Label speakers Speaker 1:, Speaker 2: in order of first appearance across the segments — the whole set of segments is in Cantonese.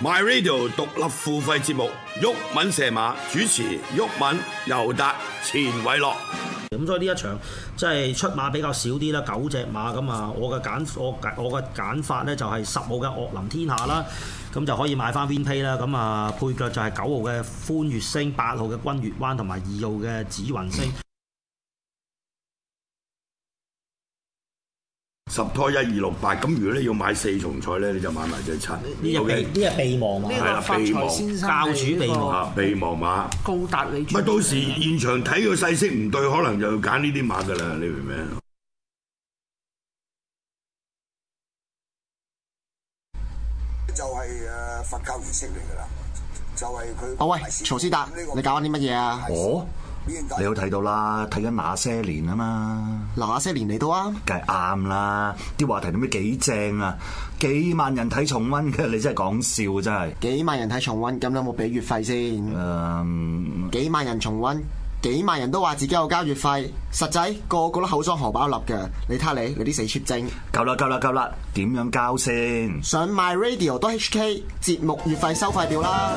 Speaker 1: My Radio 獨立付費節目，郁敏射馬主持，郁敏、尤達、錢偉樂。咁所以呢一場即係、就是、出馬比較少啲啦，九隻馬咁啊，我嘅揀我我嘅揀法咧就係十號嘅岳林天下啦，咁就可以買翻邊 p 啦，咁啊配腳就係九號嘅歡悅星、八號嘅君悅灣同埋二號嘅紫雲星。十拖一二六八，咁如果你要買四重彩咧，你就買埋隻七。呢隻備呢隻備忘，呢個發財先生教主、這個、備忘，備忘馬。高達你。咪到時現場睇個細色唔對，嗯、可能就揀呢啲馬㗎啦，你明唔明？就係誒佛教儀式嚟㗎啦，就係佢。哦喂，曹師達，你搞緊啲乜嘢啊？哦。你都睇到啦，睇緊那些年啊嘛，那些年嚟到啊，梗係啱啦，啲話題點解幾正啊，幾萬人睇重溫嘅，你真係講笑真係。幾萬人睇重溫，咁有冇俾月費先？嗯，幾萬人重溫，幾萬人都話自己有交月費，實際個個都口裝荷包笠嘅，你睇下你，你啲死書精。夠啦夠啦夠啦，點樣交先？上 MyRadio 多 HK 節目月費收費表啦。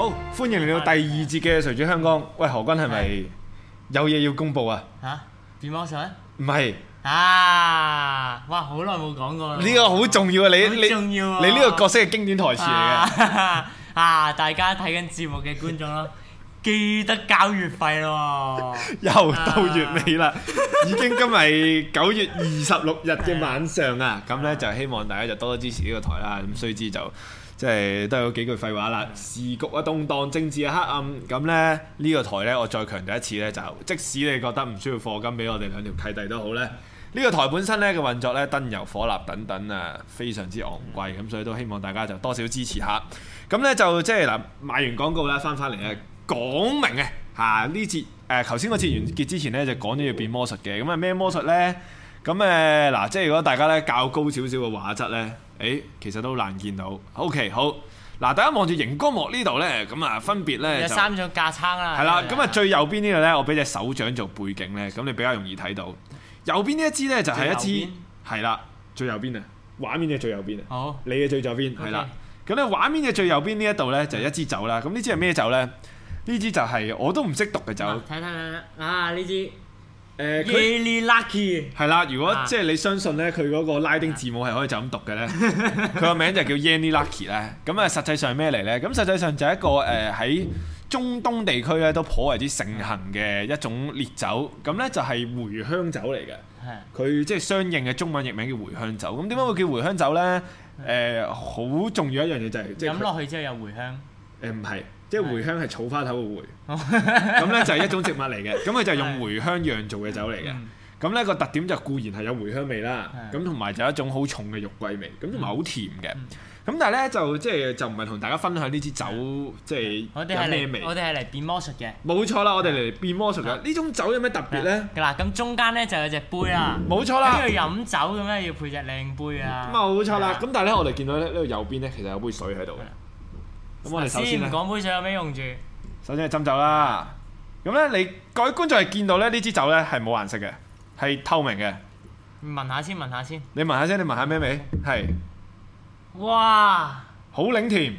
Speaker 1: 好，歡迎嚟到第二節嘅誰主香江。喂，何君係咪有嘢要公布啊？吓，
Speaker 2: 點魔術咧？唔係啊！哇，好耐冇講過啦。
Speaker 1: 呢個好重要啊！你你重要，你呢個角色係經典台詞嚟
Speaker 2: 嘅。啊，大家睇緊節目嘅觀眾咯，記得交月費咯。又到
Speaker 1: 月尾啦，已經今日九月二十六日嘅晚上啊。咁咧就希望大家就多多支持呢個台啦。咁須知就。即係都有幾句廢話啦，時局啊，動盪，政治啊，黑暗，咁呢呢個台呢，我再強調一次呢，就即使你覺得唔需要課金俾我哋兩條契弟都好呢。呢個台本身呢，嘅運作呢，燈油火蠟等等啊，非常之昂貴，咁所以都希望大家就多少支持下。咁呢，就即係嗱，買完廣告咧，翻翻嚟咧，講明啊嚇，呢節誒，頭先嗰節完結之前呢，就講咗要變魔術嘅，咁啊咩魔術呢？咁誒，嗱，即係如果大家呢，較高少少嘅畫質呢。誒，其實都難見到。OK，好。嗱，大家望住熒光幕呢度呢，咁啊，分別呢，有三
Speaker 2: 種架撐啦。係啦。咁啊對，
Speaker 1: 最右邊呢度呢，我俾隻手掌做背景呢，咁你比較容易睇到。右邊呢一支呢，就係一支係啦，最右邊啊，畫面嘅最右邊啊。好、哦。你嘅最右邊係 okay 啦。咁呢畫面嘅最右邊呢一度呢，就一支酒啦。咁呢支係咩酒呢？呢支就係我都唔識讀嘅酒。
Speaker 2: 睇睇睇睇，啊呢支。
Speaker 1: 誒 Yeley Lucky 係啦，如果、啊、即係你相信咧，佢嗰個拉丁字母係可以就咁讀嘅咧，佢個、啊、名就叫 Yeley Lucky 咧。咁啊，實際上咩嚟咧？咁實際上就一個誒喺、呃、中東地區咧都頗為之盛行嘅一種烈酒。咁咧就係茴香酒嚟嘅。係、啊。佢即係相應嘅中文譯名叫茴香酒。咁點解會叫茴香酒咧？誒、啊，好、呃、重要一樣嘢就係飲落去之後有茴香。誒唔係。即係茴香係草花頭嘅茴，咁咧就係一種植物嚟嘅，咁佢就係用茴香釀造嘅酒嚟嘅。咁咧個特點就固然係有茴香味啦，咁同埋就一種好重嘅肉桂味，咁同埋好甜嘅。咁但係咧就即係就唔係同大家分享呢支酒，即係有咩味？我
Speaker 2: 哋係嚟變魔術嘅。
Speaker 1: 冇錯啦，我哋嚟變魔術嘅。呢種酒
Speaker 2: 有咩特別咧？嗱，咁中間咧就有隻杯啦。冇錯啦。呢度飲酒咁咧要配隻靚杯啊？冇錯啦。咁但係咧
Speaker 1: 我哋見到咧呢度右邊咧其實有杯水喺度嘅。我哋首先講
Speaker 2: 杯水有咩用住？
Speaker 1: 首先係斟酒啦。咁咧，你各位觀眾係見到咧呢支酒咧係冇顏色嘅，係透明嘅。
Speaker 2: 聞下先，你聞下先。
Speaker 1: 你聞下先，你聞下咩味？係。
Speaker 2: 哇！
Speaker 1: 好檸甜，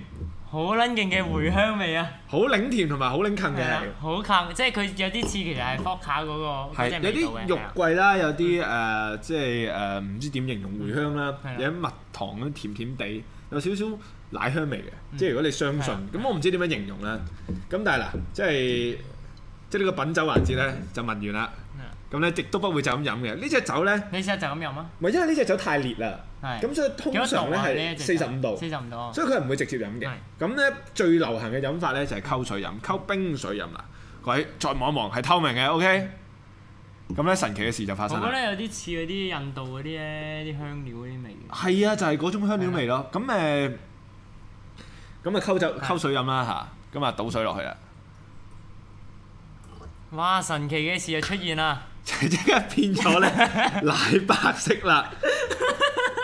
Speaker 1: 好撚勁嘅回香味啊！好檸、嗯、甜同埋好檸近嘅，
Speaker 2: 好近、啊，即係佢有啲似其實係伏卡嗰、那個，有啲肉
Speaker 1: 桂啦，啊、有啲誒、嗯呃，即係誒唔知點形容茴香啦，啊、有啲蜜糖甜甜地，有少少。奶香味嘅，即係如果你相信，咁我唔知點樣形容啦。咁但係嗱，即係即係呢個品酒環節咧，就聞完啦。咁咧亦都不會就咁飲嘅。呢隻酒咧，你
Speaker 2: 試下就咁飲啊？
Speaker 1: 唔係，因為呢隻酒太烈啦。係，咁所以通常咧係四十五度。四十五度，所以佢係唔會直接飲嘅。咁咧最流行嘅飲法咧就係溝水飲，溝冰水飲啦。各位，再望一望，係透明嘅。O K。咁咧神奇嘅事就發生。我覺
Speaker 2: 得有啲似嗰啲印度嗰啲咧啲香料嗰啲味。
Speaker 1: 係啊，就係嗰種香料味咯。咁誒。咁啊，溝酒溝水飲啦吓，咁啊的倒水落去啊！
Speaker 2: 哇，神奇嘅事就出現啦！即 刻變
Speaker 1: 咗咧，奶白色啦！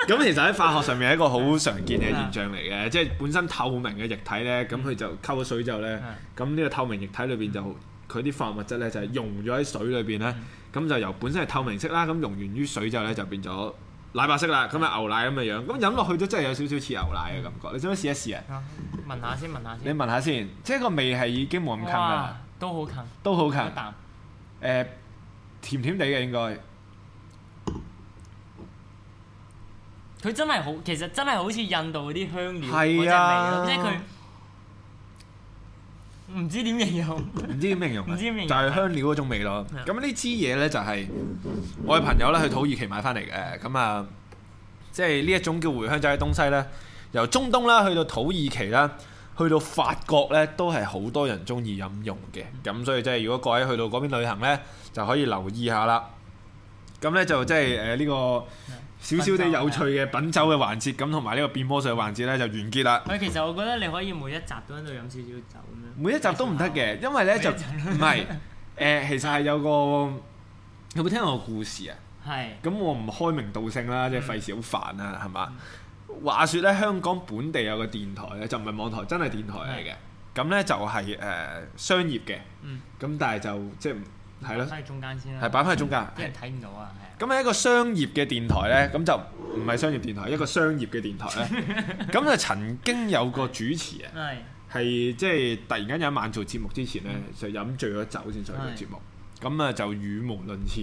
Speaker 1: 咁 其實喺化學上面係一個好常見嘅現象嚟嘅，的即係本身透明嘅液體咧，咁佢就溝咗水之後咧，咁呢的個透明液體裏邊就佢啲化學物質咧就係溶咗喺水裏邊咧，咁的就由本身係透明色啦，咁溶完於水之後咧就變咗。奶白色啦，咁咪牛奶咁嘅樣，咁飲落去都真係有少少似牛奶嘅感覺。嗯、你想唔想試一試啊？
Speaker 2: 聞下先，聞下先。你
Speaker 1: 聞下先，即係個味係已經冇咁近啦。
Speaker 2: 都好近。都好近。一
Speaker 1: 啖、呃、甜甜地嘅應該。
Speaker 2: 佢真係好，其實真係好似印度嗰啲香料嗰隻、啊、即係佢。
Speaker 1: 唔知點形容，唔 知點形容，唔知點形就係香料嗰種味咯。咁呢支嘢呢，就係、是、我嘅朋友咧去土耳其買翻嚟嘅。咁、呃、啊，即係呢一種叫茴香仔嘅東西呢，由中東啦去到土耳其啦，去到法國呢，都係好多人中意飲用嘅。咁、嗯、所以即係如果各位去到嗰邊旅行呢，就可以留意下啦。咁呢，就即係呢、呃呢個。嗯少少嘅有趣嘅品酒嘅環節，咁同埋呢個變魔術嘅環節呢就完結啦。
Speaker 2: 喂，其實我覺得你可以每一集都喺度飲少少酒咁樣。
Speaker 1: 每一集都唔得嘅，因為呢就唔係誒，其實係有個有冇聽過個故事啊？係。咁我唔開名道姓啦，即係費事好煩啦，係嘛？話説呢，香港本地有個電台咧，就唔係網台，真係電台嚟嘅。咁呢就係誒商業嘅，咁但係就即。係咯，喺
Speaker 2: 中間先啦。係擺喺中間，啲人睇唔到啊！
Speaker 1: 咁喺一個商業嘅電台呢，咁就唔係商業電台，一個商業嘅電台呢，咁就曾經有個主持啊，係，即係突然間有一晚做節目之前呢，就飲醉咗酒先上嚟做節目。咁啊就語無倫次，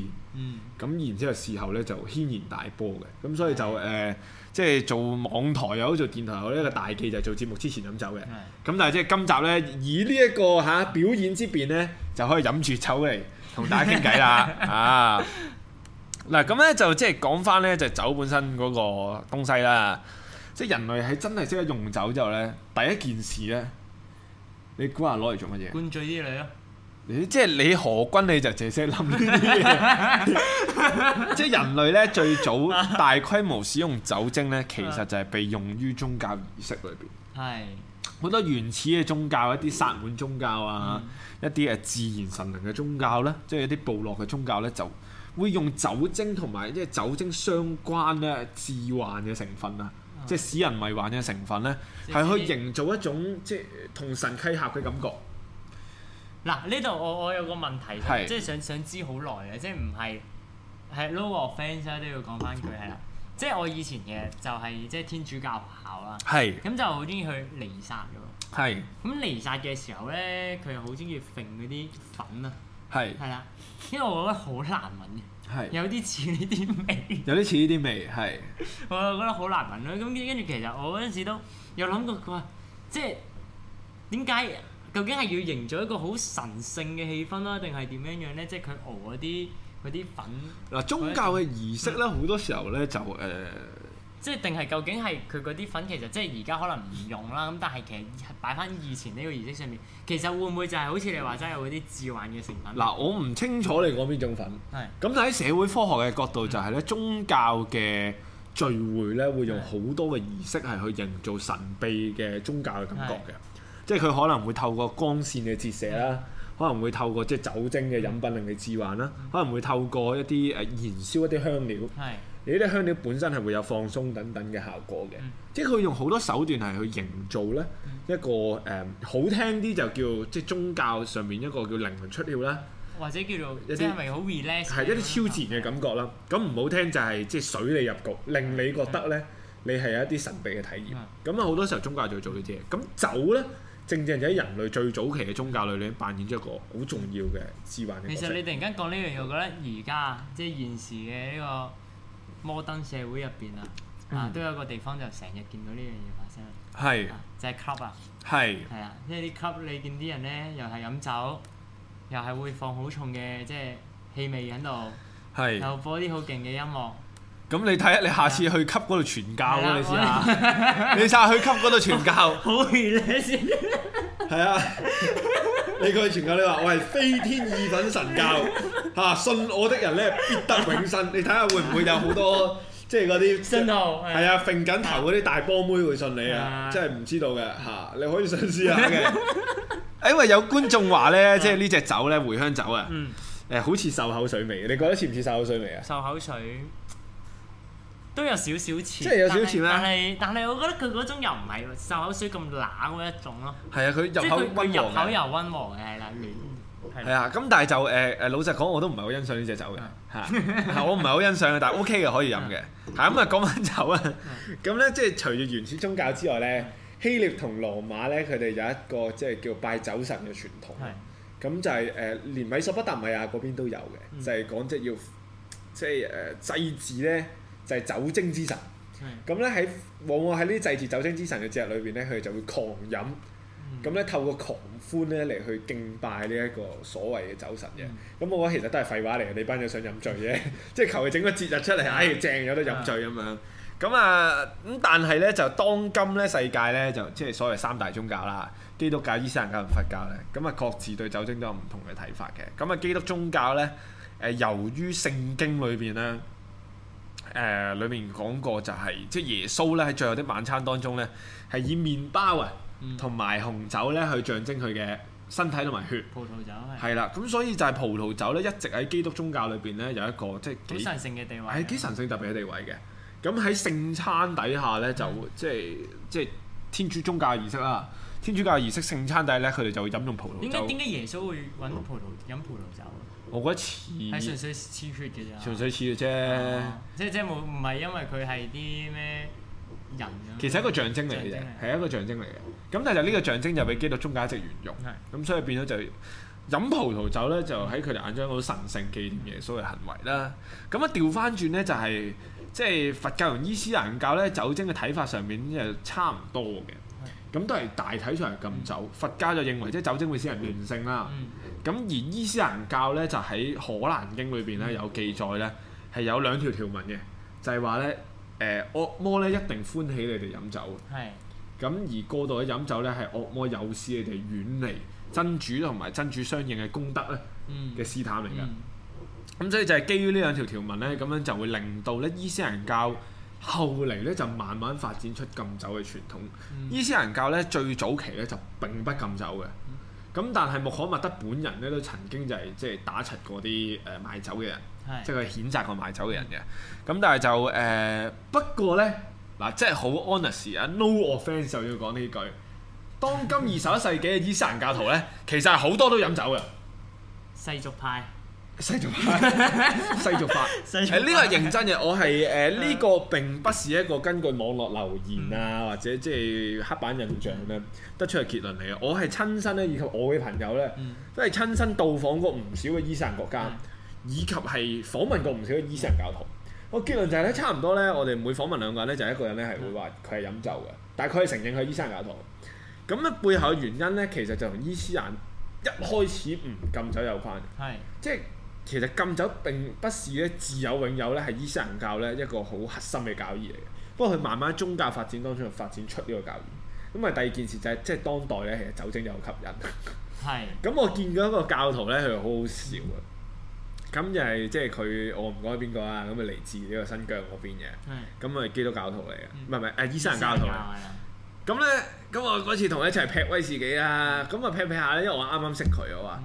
Speaker 1: 咁然之後事後呢就牽然大波嘅。咁所以就誒，即係做網台又好做電台又好，一個大忌就係做節目之前飲酒嘅。咁但係即係今集呢，以呢一個嚇表演之便呢，就可以飲住酒嚟同大家傾偈啦，啊嗱咁咧就即係講翻咧就酒本身嗰個東西啦，即係人類係真係識得用酒之後咧，第一件事咧，你估下攞嚟做乜嘢？灌醉啲你咯，誒即係你何君你就淨係識諗呢啲嘢，即係人類咧最早大規模使用酒精咧，其實就係被用於宗教儀式裏邊。係。好多原始嘅宗教，一啲薩滿宗教啊，嗯、一啲誒自然神靈嘅宗教咧，即係一啲部落嘅宗教咧，就會用酒精同埋即係酒精相關咧致幻嘅成分啊，哦、即係使人迷幻嘅成分咧，係去即是 營造一種即係同神契合嘅感覺。
Speaker 2: 嗱，呢度我我有個問題，即係是的 想想知好耐啊，即係唔係係 Lower Fans 都要講翻句係啊。嗯嗯。即係我以前嘅，就係即係天主教學校啦，咁是就好中意去彌撒嘅喎。咁彌撒嘅時候咧，佢又好中意揈嗰啲粉啊。係係啦，因為我覺得好難聞嘅，
Speaker 1: 是有啲似呢啲味，有啲似呢啲味。係
Speaker 2: 我又覺得好難聞啦。咁跟住其實我嗰陣時都有諗過，佢話即係點解究竟係要營造一個好神聖嘅氣氛啊，定係點樣樣咧？即係佢熬嗰啲。佢啲粉
Speaker 1: 嗱、啊、宗教嘅儀式咧，好多時候咧就誒，
Speaker 2: 即係定係究竟係佢嗰啲粉其實即係而家可能唔用啦，咁、嗯、但係其實擺翻以前呢個儀式上面，其實會唔會就係好似你話齋有嗰啲致幻嘅成分？嗱、
Speaker 1: 嗯，我唔清楚你講邊種粉，係咁就喺社會科學嘅角度就係、是、咧，嗯、宗教嘅聚會咧會用好多嘅儀式係去營造神秘嘅宗教嘅感覺嘅，嗯、是即係佢可能會透過光線嘅折射啦。嗯嗯可能會透過即係酒精嘅飲品令你置幻啦，可能會透過一啲誒燃燒一啲香料，你呢啲香料本身係會有放鬆等等嘅效果嘅，即係佢用好多手段係去營造咧一個誒好聽啲就叫即係宗教上面一個叫靈魂出竅啦，
Speaker 2: 或者叫做一啲
Speaker 1: 好 r 一啲超自然嘅感覺啦。咁唔好聽就係即係水你入局，令你覺得咧你係有一啲神秘嘅體驗。咁啊好多時候宗教就做呢啲嘢。咁酒咧？正正就喺人類最早期嘅宗教裏邊扮演咗一個好重要嘅催化嘅角色。其實你
Speaker 2: 突然間講呢樣嘢，我覺得而家即係現時嘅呢個摩登社會入邊、嗯、啊，都有個地方就成日見到呢樣嘢發生。係、啊是 啊，就係、是、club 是 啊。
Speaker 1: 係。
Speaker 2: 係啊，因為啲 club，你見啲人咧又係飲酒，又係會放好重嘅即係氣味喺度。
Speaker 1: 是 又
Speaker 2: 播啲好勁嘅音樂。
Speaker 1: 咁你睇下，你下次去 club 嗰度傳教啊！你試下，你曬去 club 嗰度傳教。傳教 好熱先～ 係啊！ 你過去傳教，你話我係飛天意粉神教嚇，信我的人咧必得永生。你睇下會唔會有好多即係嗰啲信徒？係啊，揈緊頭嗰啲大波妹會信你啊！的真係唔知道嘅嚇，你可以嘗試下嘅。 因為有觀眾話咧，即係呢隻酒咧，茴香酒啊，誒、嗯、好似漱口水味。你覺得似唔似漱口水味啊？漱口水。都有少少似，即係有少少似啦，但
Speaker 2: 係但係但係，我覺得佢嗰種又唔係漱口水咁乸嗰一種咯。
Speaker 1: 係啊，佢入口入口又
Speaker 2: 溫和嘅係啦。係啊，
Speaker 1: 咁但係就誒誒老實講，我都唔係好欣賞呢隻酒嘅嚇，我唔係好欣賞嘅，但係 OK 嘅可以飲嘅。係咁啊，講翻酒啊。咁咧即係除咗原始宗教之外咧，希臘同羅馬咧，佢哋有一個即係叫拜酒神嘅傳統。咁就係誒，連米索不達米亞嗰邊都有嘅，就係講即係要即係誒祭祀咧。就係酒精之神，咁咧喺往往喺呢啲祭祀酒精之神嘅節日裏邊咧，佢就會狂飲，咁咧、嗯、透過狂歡咧嚟去敬拜呢一個所謂嘅酒神嘅。咁、嗯、我覺得其實都係廢話嚟嘅，你班友想飲醉啫，即係求其整個節日出嚟，哎、嗯、正有得飲醉咁樣。咁啊咁，但係咧就當今咧世界咧就即係、就是、所謂三大宗教啦，基督教、伊斯蘭教同佛教咧，咁啊各自對酒精都有唔同嘅睇法嘅。咁啊基督宗教咧，誒由於聖經裏邊咧。誒裏面講過就係即係耶穌咧喺最後的晚餐當中咧，係以麵包啊同埋紅酒咧去象徵佢嘅身體同埋血、嗯。葡萄酒係啦，咁所以就係葡萄酒咧一直喺基督宗教裏邊咧有一個即係、就是、幾，幾神聖嘅地位，係幾神聖特別嘅地位嘅。咁喺聖餐底下咧就、嗯、即係即係天主宗教嘅儀式啦，天主教嘅儀式聖餐底下咧佢哋就會飲用葡萄。點解點解
Speaker 2: 耶穌會揾葡萄飲葡萄酒？
Speaker 1: 我覺得似係純粹似嘅啫，純粹似嘅啫，
Speaker 2: 即即冇唔係因為佢係啲咩人。其實係一個
Speaker 1: 象徵嚟嘅，係一個象徵嚟嘅。咁 但係就呢個象徵就俾基督宗教一直沿用，咁， 所以變咗就飲葡萄酒咧、 就是，就喺佢哋眼中好神聖紀念嘅所謂行為啦。咁啊，調翻轉咧，就係即係佛教同伊斯蘭教咧，酒精嘅睇法上面就差唔多嘅。咁都係大體上係禁酒。嗯、佛家就認為即係酒精會使人亂性啦。咁、嗯嗯、而伊斯蘭教呢，就喺《可蘭經》裏邊呢，嗯、有記載呢，係有兩條條文嘅，就係、是、話呢：呃「誒惡魔呢一定歡喜你哋飲酒嘅」。咁、嗯、而過度嘅飲酒呢，係惡魔誘使你哋遠離真主同埋真主相應嘅功德呢嘅試探嚟㗎。咁所以就係基於呢兩條,條條文呢，咁樣就會令到呢伊斯蘭教。後嚟咧就慢慢發展出禁酒嘅傳統。伊斯蘭教咧最早期咧就並不禁酒嘅。咁、嗯、但係穆罕默德本人咧都曾經就係即係打柒過啲誒賣酒嘅人，是即係佢譴責過賣酒嘅人嘅。咁是但係就誒、呃、不過咧嗱，即係好 honest 啊，no offense 就要講呢句。當今二十一世紀嘅伊斯蘭教徒咧，其實係好多都飲酒嘅世俗派。 世俗化 法， 世俗化，呢個係認真嘅，我係誒呢個並不是一個根據網絡留言啊，或者即係黑板印象咁樣得出嘅結論嚟嘅。我係親身咧，以及我嘅朋友呢，都係親身到訪過唔少嘅伊斯蘭國家，以及係訪問過唔少嘅伊斯蘭教徒。個結論就係咧，差唔多呢，我哋每訪問兩個人咧，就係、一個人呢，係會話佢係飲酒嘅，但係佢係承認佢係伊斯蘭教徒。咁呢，背後嘅原因呢，其實就同伊斯蘭一開始唔禁酒有關，係的即係。其實禁酒並不是咧，自有永有咧，係伊斯蘭教咧一個好核心嘅教義嚟嘅。不過佢慢慢宗教發展當中就發展出呢個教義。咁啊，第二件事就係、是、即係當代咧，其實酒精又好吸引。係 的。咁我見到一個教徒咧，佢好好笑、嗯就是就是、啊！咁就係即係佢，我唔講係邊個啦。咁啊，嚟自呢個新疆嗰邊嘅。咁啊的，基督教徒嚟嘅，唔係唔係誒伊斯蘭教徒。咁咧，咁的我嗰次同佢一齊劈威士忌啊。咁啊，劈劈下咧，因為我啱啱識佢啊嘛。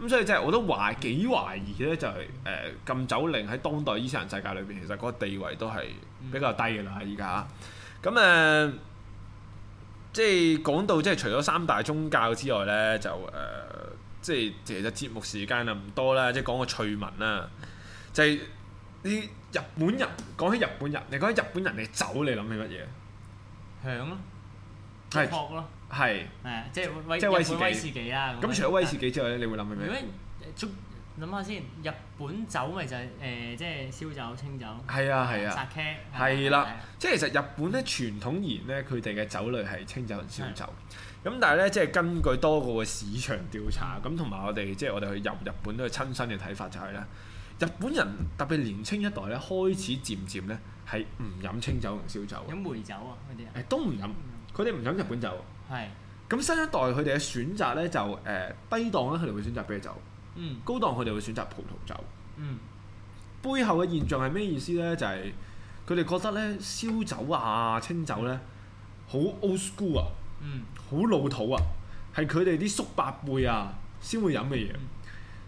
Speaker 1: 咁所以即係我都懷幾懷疑咧，就係、是、誒、呃、禁酒令喺當代伊斯蘭世界裏邊，其實嗰個地位都係比較低嘅啦，依家、嗯。咁誒、呃，即係講到即係除咗三大宗教之外咧，就誒、呃，即係其實節目時間又唔多啦，即係講個趣聞啦，就係、是、啲日本人講起日本人，你講起日本人嘅酒，你諗起乜嘢？係啊，
Speaker 2: 酒咯。
Speaker 1: 係，係即係威日本威士忌啦。咁除咗威士忌之外咧，你會諗起咩？如
Speaker 2: 果諗下先，日本酒咪就係誒，即係燒酒、清酒。係
Speaker 1: 啊係啊，扎係啦，即係其實日本咧傳統而言咧，佢哋嘅酒類係清酒同燒酒。咁但係咧，即係根據多個嘅市場調查，咁同埋我哋即係我哋去入日本都係親身嘅睇法就係咧，日本人特別年青一代咧，開始漸漸咧，係唔飲清酒同燒酒。飲梅酒啊？佢哋都唔飲，佢哋唔飲日本酒。係，咁新一代佢哋嘅選擇咧就誒低檔咧，佢哋會選擇啤酒；高檔佢哋會選擇葡萄酒。
Speaker 2: 嗯，
Speaker 1: 背後嘅現象係咩意思咧？就係佢哋覺得咧燒酒啊、清酒咧好 old school 啊，好老土啊，係佢哋啲叔伯輩啊先會飲嘅嘢。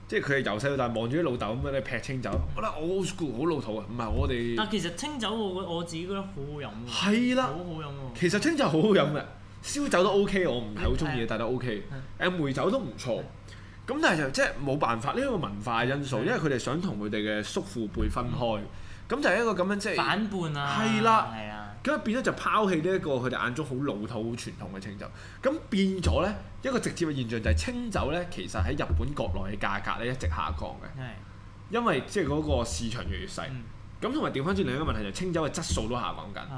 Speaker 1: 即係佢由細到大望住啲老豆咁樣咧，劈清酒，我覺得 old school 好老土啊，唔係我哋。但
Speaker 2: 其實清酒我我自己覺得好好飲嘅，係啦，好好飲。
Speaker 1: 其實清酒好好飲嘅。燒酒都 OK，我唔係好中意，但都 OK。誒梅酒都唔錯，咁但係就即係冇辦法，呢一個文化因素，因為佢哋想同佢哋嘅叔父輩分開，咁就係一個咁樣即係反叛啊，係啦，咁變咗就拋棄呢一個佢哋眼中好老土、好傳統嘅清酒，咁變咗呢，一個直接嘅現象就係清酒呢，其實喺日本國內嘅價格呢一直下降嘅，因為即係嗰個市場越嚟越細，咁同埋掉返轉另一個問題就係清酒嘅質素都下降緊，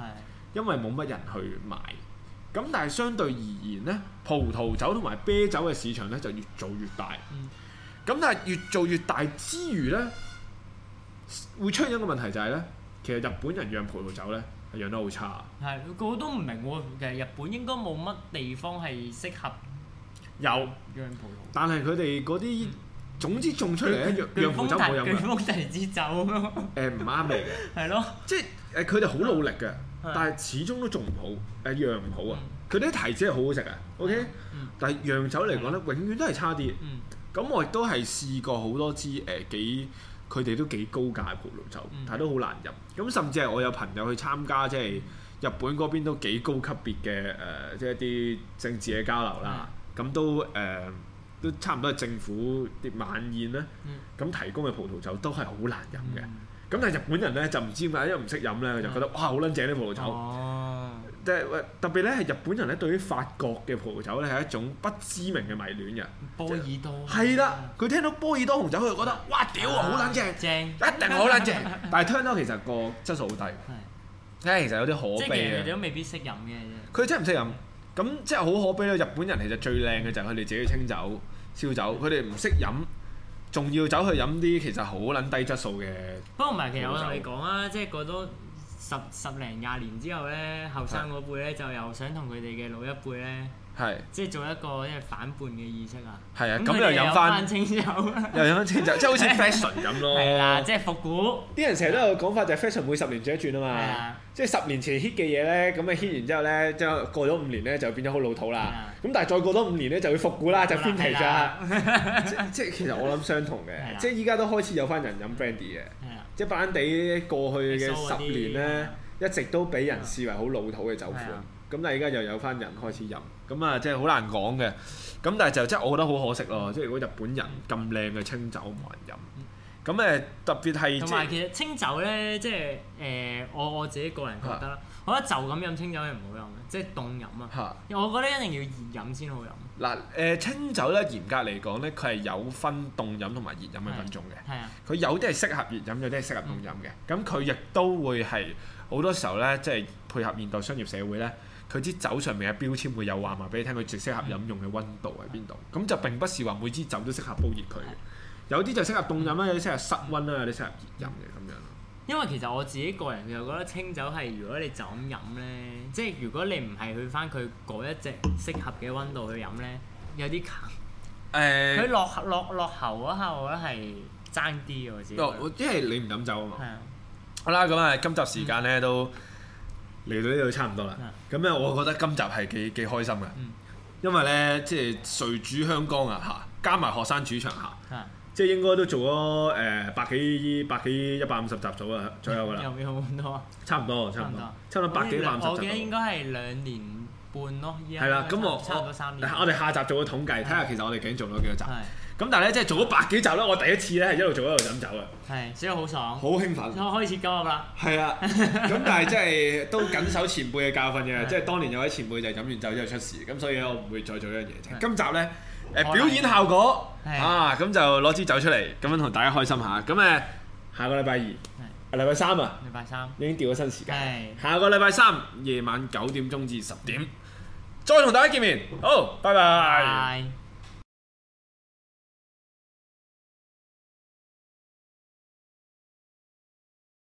Speaker 1: 因為冇乜人去買。咁但係相對而言咧，葡萄酒同埋啤酒嘅市場咧就越做越大。咁但係越做越大之餘咧，會出現一個問題就係、是、咧，其實日本人釀葡萄酒咧係釀得好差。
Speaker 2: 係，個個都唔明喎。其實日本應該冇乜地方係適合有釀葡萄酒，
Speaker 1: 但係佢哋嗰啲總之種出嚟嘅釀釀葡萄酒冇飲㗎。巨峰
Speaker 2: 提子酒 、
Speaker 1: 呃、對咯。誒唔啱味
Speaker 2: 嘅。係咯。即
Speaker 1: 係誒，佢哋好努力嘅。但係始終都仲唔好，一樣唔好啊！佢啲、嗯、提子係好好食啊 OK 但係洋酒嚟講咧，嗯、永遠都係差啲嘅。咁、嗯、我亦都係試過好多支誒、呃、幾，佢哋都幾高價嘅葡萄酒，嗯、但係都好難飲。咁甚至係我有朋友去參加即係日本嗰邊都幾高級別嘅誒、呃，即係一啲政治嘅交流啦。咁、嗯、都誒、呃、都差唔多係政府啲晚宴咧。咁、嗯、提供嘅葡萄酒都係好難飲嘅。嗯咁但係日本人咧就唔知點解，因為唔識飲咧，佢就覺得、啊、哇好撚正啲葡萄酒。哦，即係特別咧，係日本人咧對於法國嘅葡萄酒咧係一種不知名嘅迷戀人。波
Speaker 2: 爾多。係
Speaker 1: 啦，佢聽到波爾多紅酒，佢就覺得哇屌，好撚、
Speaker 2: 啊、正，一定好撚正。
Speaker 1: 但係聽到其實個質素好低。係、 哎。其實有啲可悲啊。即係都未必識飲嘅。佢真係唔識飲，咁即係好可悲咯。日本人其實最靚嘅就係佢哋自己清酒、燒酒，佢哋唔識飲。仲要走去飲啲其實好撚低質素嘅。不過唔係，其實我同你
Speaker 2: 講啊，酒即係過多十十零廿年之後咧，後生嗰輩咧就又想同佢哋嘅老一輩咧。係，即係做一個即係反叛嘅意識啊！係啊，咁又飲翻清
Speaker 1: 酒，又飲翻清酒，即係好似 fashion 咁咯。係啦，即係復古。啲人成日都有講法，就 fashion 每十年轉一轉啊嘛。係啊，即係十年前 hit 嘅嘢咧，咁啊 hit 完之後咧，就過咗五年咧，就變咗好老土啦。咁但係再過多五年咧，就要復古啦，就 trend 嚟㗎。即係其實我諗相同嘅，即係依家都開始有翻人飲 brandy 嘅，即係 brandy 過去嘅十年咧，一直都俾人視為好老土嘅酒款。咁但係而家又有翻人開始飲，咁啊，即係好難講嘅。咁但係就即係我覺得好可惜咯，即係如果日本人咁靚嘅清酒冇人飲，咁誒、嗯、特別係同埋其
Speaker 2: 實清酒咧，即係誒、呃、我我自己個人覺得啦，啊、我覺得就咁飲清酒係唔好飲嘅，即係凍飲啊。啊我覺得一定要熱飲先好飲。
Speaker 1: 嗱誒、啊呃，清酒咧嚴格嚟講咧，佢係有分凍飲同埋熱飲嘅品種嘅。係啊，佢有啲係適合熱飲，有啲係適合凍飲嘅。咁佢亦都會係好多時候咧，即係配合現代商業社會咧。佢支酒上面嘅標籤會有話話俾你聽，佢最適合飲用嘅温度喺邊度？咁就並不是話每支酒都適合煲熱佢，有啲就適合凍飲啦，有啲適合室温啦，有啲適合熱飲嘅咁樣，因為其實我自己個人又覺得清
Speaker 2: 酒係，如果你就咁飲咧，即係如果你唔係去翻佢嗰一隻適合嘅温度去飲咧，有啲卡。佢落落落喉嗰下，我覺得係爭啲嘅，我
Speaker 1: 知。哦，因為你唔飲酒啊嘛？係啊。好啦，咁啊，今集時間咧都～嚟到呢度差唔多啦，咁咧、嗯、我覺得今集係幾幾開心嘅，嗯、因為咧即係誰主香江啊嚇，加埋學生主場下、啊，嗯、即係應該都做咗誒、呃、百幾百幾一百五十集左右左右㗎啦，有冇咁多？差唔多，差唔多，差唔多百幾百五十集。我記得應
Speaker 2: 該係兩年。半咯，依家係啦。咁我差唔多三年。我哋
Speaker 1: 下集做個統計，睇下其實我哋究竟做咗幾多集。咁但係咧，即係做咗百幾集啦。我第一次咧係一路做一路飲酒嘅，
Speaker 2: 所以好爽，好興奮。開始交屋啦。
Speaker 1: 係啊，咁但係即係都緊守前輩嘅教訓嘅，即係當年有位前輩就係飲完酒之後出事，咁所以我唔會再做呢樣嘢。咁今集咧，誒表演效果啊，咁就攞支酒出嚟，咁樣同大家開心下。咁誒，下個禮拜二，禮拜三啊，禮拜三已經調咗新時間。下個禮拜三夜晚九點鐘至十點。再同大家見面，好，拜拜。